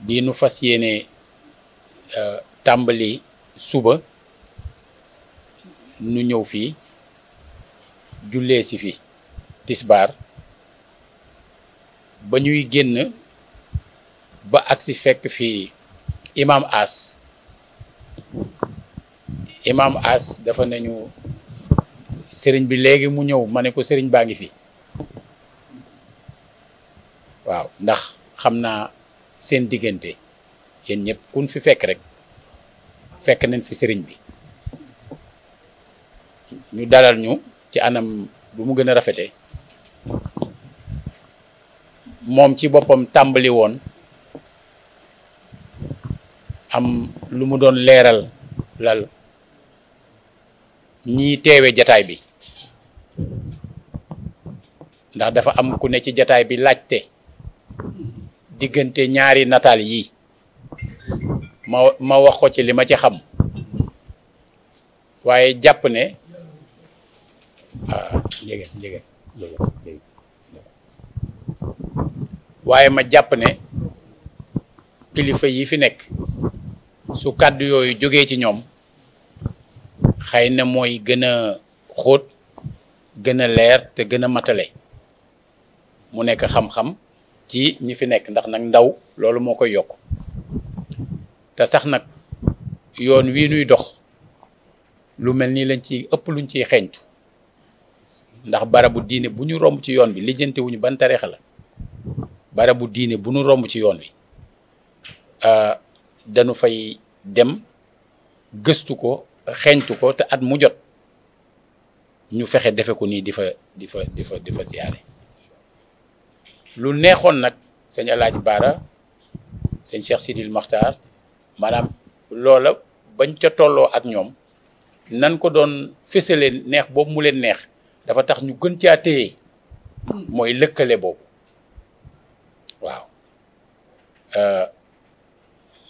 bi nu fas yéene euh, tàmbali suba nu ñëw fii jullee si fi tisbaar ba ñuy génn ba agsi fekk fii imam As imam As dafa nañu sëriñ bi léegi mu ñëw ma ne ko sëriñ baa ngi fi waaw ndax xam naa seen diggante yéen ñëpp kun fi fekk rek fekk nañ fi sëriñ bi ñu dalal ñu ci anam bu mu gën a rafete moom ci boppam tàmbali woon am lu mu doon leeral lal ñi teewe jataay bi ndax dafa am ku ne ci jataay bi laajte diggante ñaari nataal yi ma ma wax ko ci lima ci xam waaye jàpp ne ah jege ma jàpp ne kilifa yi fi nekk su kàddu yooyu jógee ci ñoom xëy na mooy gën a xóot gën a leer te gën a matale mu nekk xam-xam ci ñi fi nekk ndax nag ndaw loolu moo koy yokk te sax nag yoon wii nuy dox lu mel nii lañ ci ëpp luñ ciy xeeñtu ndax barabu diine bu ñu romb ci yoon wi lijjanti wuñu la barabu diine bu ñu romb ci yoon bi ah, dañu fay dem gëstu ko xeeñtu ko te at mu jot ñu fexe defe ko nii di di fa di fa di fa siyaare lu neexoon nag sëñ Alaaji Baara sëñ Cheikh Sidil Maxtaar maanaam loola bañ ca tolloo ak ñoom nan ko doon fësale neex boobu mu leen neex dafa tax ñu gën caa mooy lëkkale boobu waaw euh,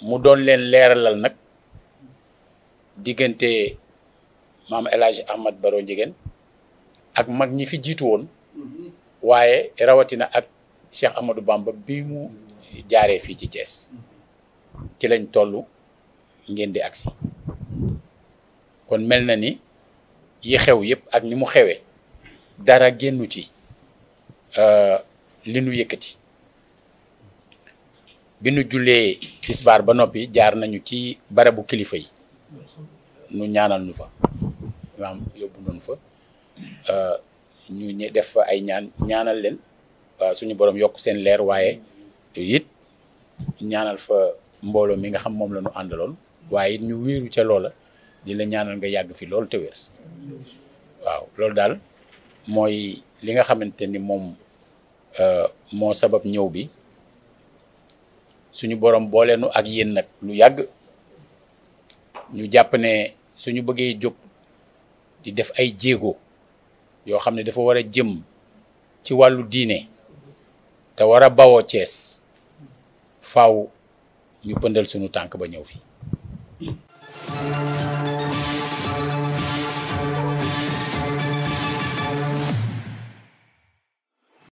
mu doon leen leeralal nag diggante maam El Hadj Ahmad Baro Ndiéguène ak mag ñi fi jiitu woon mm-hmm. waaye rawatina ak Cheikh Amadou Bamba bi mu jaaree fii ci Thiès ci lañ toll ngeen di agsi kon mel na ni yi xew yëpp ak ni mu xewee dara génnu ci euh, li nu yëkkati bi nu jullee tisbaar ba noppi jaar nañu ci barabu kilifa yi nu ñaanal nu fa maam yóbbu nañu fa euh, ñu def ay ñaan ñaanal leen Euh, suñu borom yokk seen leer waaye te it ñaanal fa mbooloo mi nga xam moom la ñu àndaloon waaye it ñu wiiru ca loola di la ñaanal nga yàgg fi loolu te waaw loolu daal mooy li nga xamante ni moom euh, moo sabab ñëw bi suñu borom booleenu ak yéen nag lu yàgg ñu jàpp ne suñu bëggee jóg di def ay jéego yoo xam ne dafa war a jëm ci wàllu diine te war a bawoo Thiès faaw ñu pëndal sunu tànk ba ñëw fii